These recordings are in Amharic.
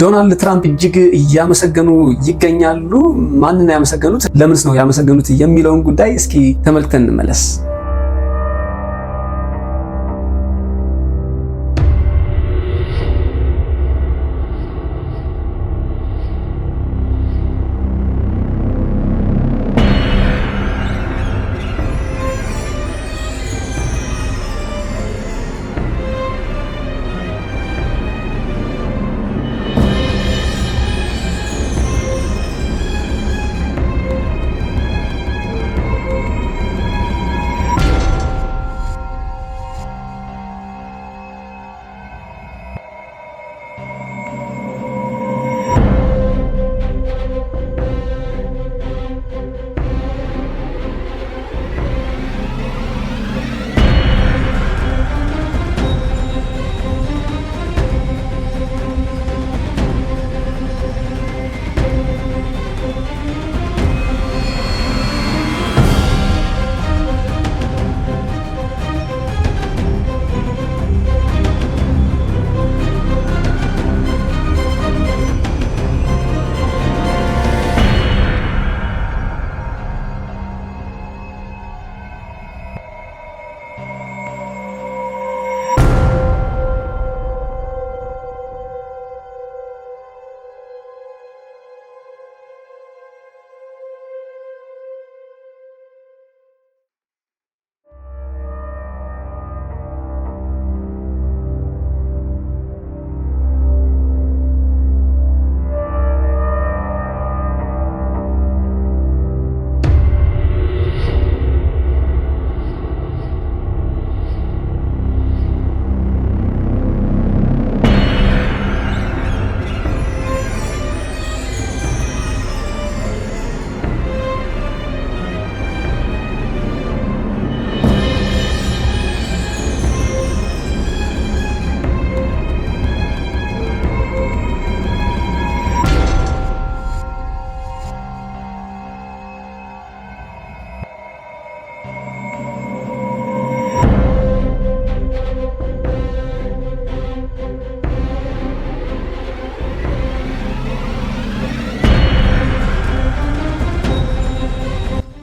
ዶናልድ ትራምፕ እጅግ እያመሰገኑ ይገኛሉ። ማንን ያመሰገኑት? ለምንስ ነው ያመሰገኑት የሚለውን ጉዳይ እስኪ ተመልክተን እንመለስ።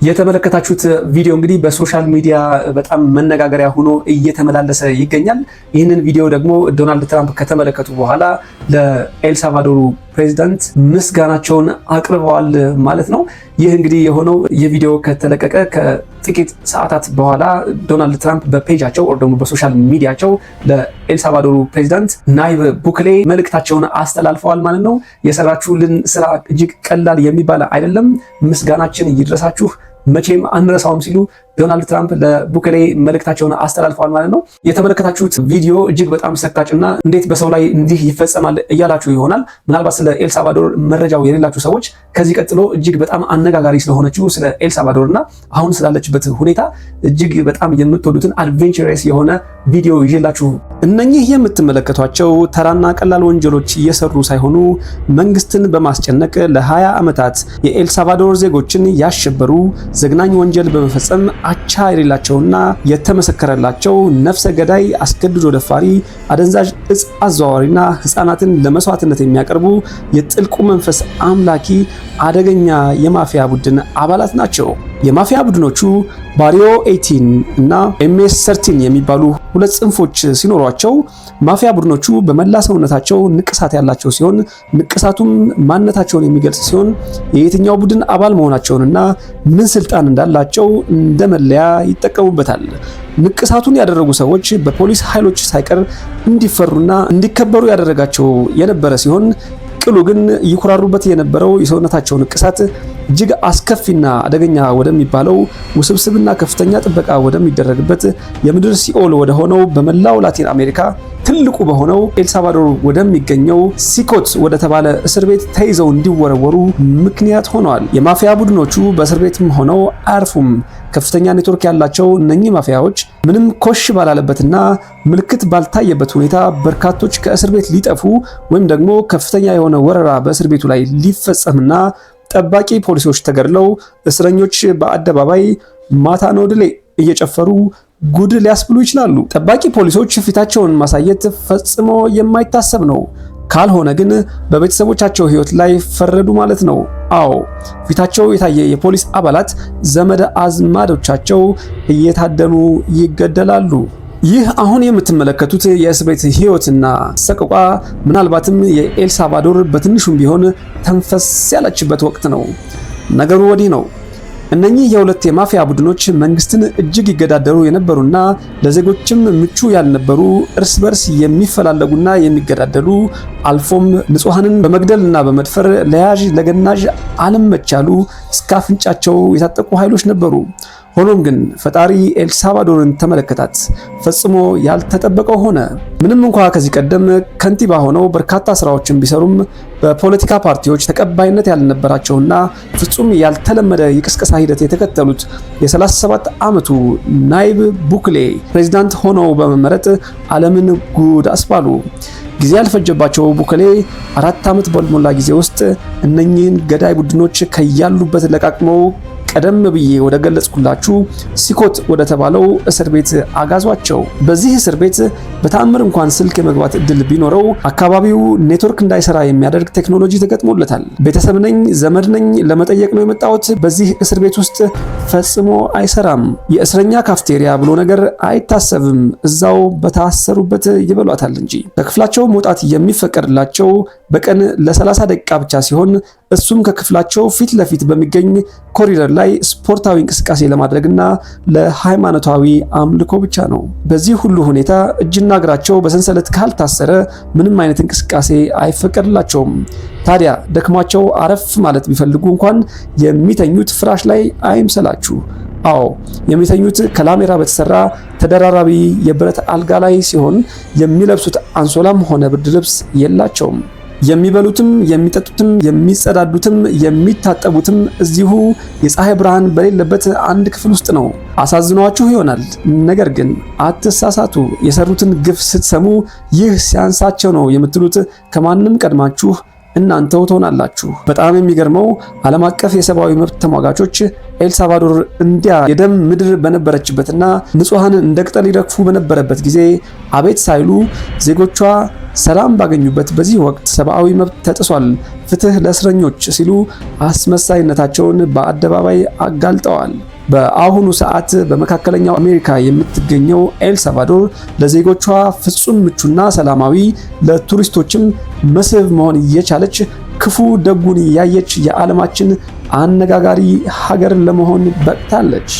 የተመለከታችሁት ቪዲዮ እንግዲህ በሶሻል ሚዲያ በጣም መነጋገሪያ ሆኖ እየተመላለሰ ይገኛል። ይህንን ቪዲዮ ደግሞ ዶናልድ ትራምፕ ከተመለከቱ በኋላ ለኤልሳልቫዶሩ ፕሬዚዳንት ምስጋናቸውን አቅርበዋል ማለት ነው። ይህ እንግዲህ የሆነው የቪዲዮ ከተለቀቀ ከጥቂት ሰዓታት በኋላ ዶናልድ ትራምፕ በፔጃቸው ደግሞ በሶሻል ሚዲያቸው ለኤልሳልቫዶሩ ፕሬዚዳንት ናይብ ቡክሌ መልእክታቸውን አስተላልፈዋል ማለት ነው። የሰራችሁልን ስራ እጅግ ቀላል የሚባል አይደለም፣ ምስጋናችን ይድረሳችሁ መቼም አንረሳውም ሲሉ ዶናልድ ትራምፕ ለቡከሌ መልእክታቸውን አስተላልፈዋል ማለት ነው። የተመለከታችሁት ቪዲዮ እጅግ በጣም እና እንዴት በሰው ላይ እንዲህ ይፈጸማል እያላችሁ ይሆናል። ምናልባት ስለ ኤልሳልቫዶር መረጃው የሌላችሁ ሰዎች ከዚህ ቀጥሎ እጅግ በጣም አነጋጋሪ ስለሆነችው ስለ ኤልሳልቫዶር እና አሁን ስላለችበት ሁኔታ እጅግ በጣም የምትወዱትን አድቬንቸረስ የሆነ ቪዲዮ ይዤላችሁ እነኚህ የምትመለከቷቸው ተራና ቀላል ወንጀሎች እየሰሩ ሳይሆኑ መንግስትን በማስጨነቅ ለ20 ዓመታት የኤልሳልቫዶር ዜጎችን ያሸበሩ ዘግናኝ ወንጀል በመፈጸም አቻ የሌላቸውና የተመሰከረላቸው ነፍሰ ገዳይ፣ አስገድዶ ደፋሪ፣ አደንዛዥ እጽ አዘዋዋሪና ህፃናትን ለመስዋዕትነት የሚያቀርቡ የጥልቁ መንፈስ አምላኪ አደገኛ የማፊያ ቡድን አባላት ናቸው። የማፊያ ቡድኖቹ ባሪዮ 18 እና ኤምኤስ 13 የሚባሉ ሁለት ጽንፎች ሲኖሯቸው ማፊያ ቡድኖቹ በመላ ሰውነታቸው ንቅሳት ያላቸው ሲሆን ንቅሳቱም ማንነታቸውን የሚገልጽ ሲሆን የየትኛው ቡድን አባል መሆናቸውንና ምን ስልጣን እንዳላቸው እንደ መለያ ይጠቀሙበታል። ንቅሳቱን ያደረጉ ሰዎች በፖሊስ ኃይሎች ሳይቀር እንዲፈሩና እንዲከበሩ ያደረጋቸው የነበረ ሲሆን ቅሉ ግን ይኩራሩበት የነበረው የሰውነታቸው ንቅሳት እጅግ አስከፊና አደገኛ ወደሚባለው ውስብስብና ከፍተኛ ጥበቃ ወደሚደረግበት የምድር ሲኦል ወደ ሆነው በመላው ላቲን አሜሪካ ትልቁ በሆነው ኤልሳልቫዶር ወደሚገኘው ሲኮት ወደተባለ እስር ቤት ተይዘው እንዲወረወሩ ምክንያት ሆነዋል። የማፊያ ቡድኖቹ በእስር ቤትም ሆነው አያርፉም። ከፍተኛ ኔትወርክ ያላቸው እነኚህ ማፊያዎች ምንም ኮሽ ባላለበትና ምልክት ባልታየበት ሁኔታ በርካቶች ከእስር ቤት ሊጠፉ ወይም ደግሞ ከፍተኛ የሆነ ወረራ በእስር ቤቱ ላይ ሊፈጸምና ጠባቂ ፖሊሶች ተገድለው እስረኞች በአደባባይ ማታ ነው ድሌ እየጨፈሩ ጉድ ሊያስብሉ ይችላሉ። ጠባቂ ፖሊሶች ፊታቸውን ማሳየት ፈጽሞ የማይታሰብ ነው። ካልሆነ ግን በቤተሰቦቻቸው ሕይወት ላይ ፈረዱ ማለት ነው። አዎ ፊታቸው የታየ የፖሊስ አባላት ዘመድ አዝማዶቻቸው እየታደኑ ይገደላሉ። ይህ አሁን የምትመለከቱት የእስር ቤት ህይወትና ሰቆቃ ምናልባትም የኤልሳልቫዶር በትንሹም ቢሆን ተንፈስ ያለችበት ወቅት ነው። ነገሩ ወዲህ ነው። እነኚህ የሁለት የማፊያ ቡድኖች መንግስትን እጅግ ይገዳደሩ የነበሩና ለዜጎችም ምቹ ያልነበሩ እርስ በርስ የሚፈላለጉና የሚገዳደሉ አልፎም ንጹሐንን በመግደልና በመድፈር ለያዥ ለገናዥ አልመቻሉ እስከ አፍንጫቸው የታጠቁ ኃይሎች ነበሩ። ሆኖም ግን ፈጣሪ ኤልሳልቫዶርን ተመለከታት፣ ፈጽሞ ያልተጠበቀው ሆነ። ምንም እንኳ ከዚህ ቀደም ከንቲባ ሆነው በርካታ ስራዎችን ቢሰሩም በፖለቲካ ፓርቲዎች ተቀባይነት ያልነበራቸውና ፍጹም ያልተለመደ የቅስቀሳ ሂደት የተከተሉት የ37 ዓመቱ ናይብ ቡክሌ ፕሬዚዳንት ሆነው በመመረጥ ዓለምን ጉድ አስባሉ። ጊዜ ያልፈጀባቸው ቡክሌ አራት ዓመት በሞላ ጊዜ ውስጥ እነኚህን ገዳይ ቡድኖች ከያሉበት ለቃቅመው ቀደም ብዬ ወደ ገለጽኩላችሁ ሲኮት ወደ ተባለው እስር ቤት አጋዟቸው። በዚህ እስር ቤት በተአምር እንኳን ስልክ የመግባት እድል ቢኖረው አካባቢው ኔትወርክ እንዳይሰራ የሚያደርግ ቴክኖሎጂ ተገጥሞለታል። ቤተሰብ ነኝ፣ ዘመድ ነኝ ለመጠየቅ ነው የመጣሁት በዚህ እስር ቤት ውስጥ ፈጽሞ አይሰራም። የእስረኛ ካፍቴሪያ ብሎ ነገር አይታሰብም። እዛው በታሰሩበት ይበሏታል እንጂ። ከክፍላቸው መውጣት የሚፈቀድላቸው በቀን ለ30 ደቂቃ ብቻ ሲሆን እሱም ከክፍላቸው ፊት ለፊት በሚገኝ ኮሪደር ላይ ስፖርታዊ እንቅስቃሴ ለማድረግና ለሃይማኖታዊ አምልኮ ብቻ ነው። በዚህ ሁሉ ሁኔታ እጅና እግራቸው በሰንሰለት ካልታሰረ ምንም አይነት እንቅስቃሴ አይፈቀድላቸውም። ታዲያ ደክሟቸው አረፍ ማለት ቢፈልጉ እንኳን የሚተኙት ፍራሽ ላይ አይምሰላችሁ። አዎ የሚተኙት ከላሜራ በተሰራ ተደራራቢ የብረት አልጋ ላይ ሲሆን የሚለብሱት አንሶላም ሆነ ብርድ ልብስ የላቸውም። የሚበሉትም የሚጠጡትም የሚጸዳዱትም የሚታጠቡትም እዚሁ የፀሐይ ብርሃን በሌለበት አንድ ክፍል ውስጥ ነው። አሳዝኗችሁ ይሆናል። ነገር ግን አትሳሳቱ። የሰሩትን ግፍ ስትሰሙ ይህ ሲያንሳቸው ነው የምትሉት ከማንም ቀድማችሁ እናንተው ትሆናላችሁ። በጣም የሚገርመው ዓለም አቀፍ የሰብአዊ መብት ተሟጋቾች ኤልሳልቫዶር እንዲያ የደም ምድር በነበረችበትና ንጹሐን እንደ ቅጠል ይረግፉ በነበረበት ጊዜ አቤት ሳይሉ ዜጎቿ ሰላም ባገኙበት በዚህ ወቅት ሰብአዊ መብት ተጥሷል፣ ፍትህ ለእስረኞች ሲሉ አስመሳይነታቸውን በአደባባይ አጋልጠዋል። በአሁኑ ሰዓት በመካከለኛው አሜሪካ የምትገኘው ኤልሳቫዶር ለዜጎቿ ፍጹም ምቹና ሰላማዊ ለቱሪስቶችም መስህብ መሆን እየቻለች ክፉ ደጉን እያየች የዓለማችን አነጋጋሪ ሀገር ለመሆን በቅታለች።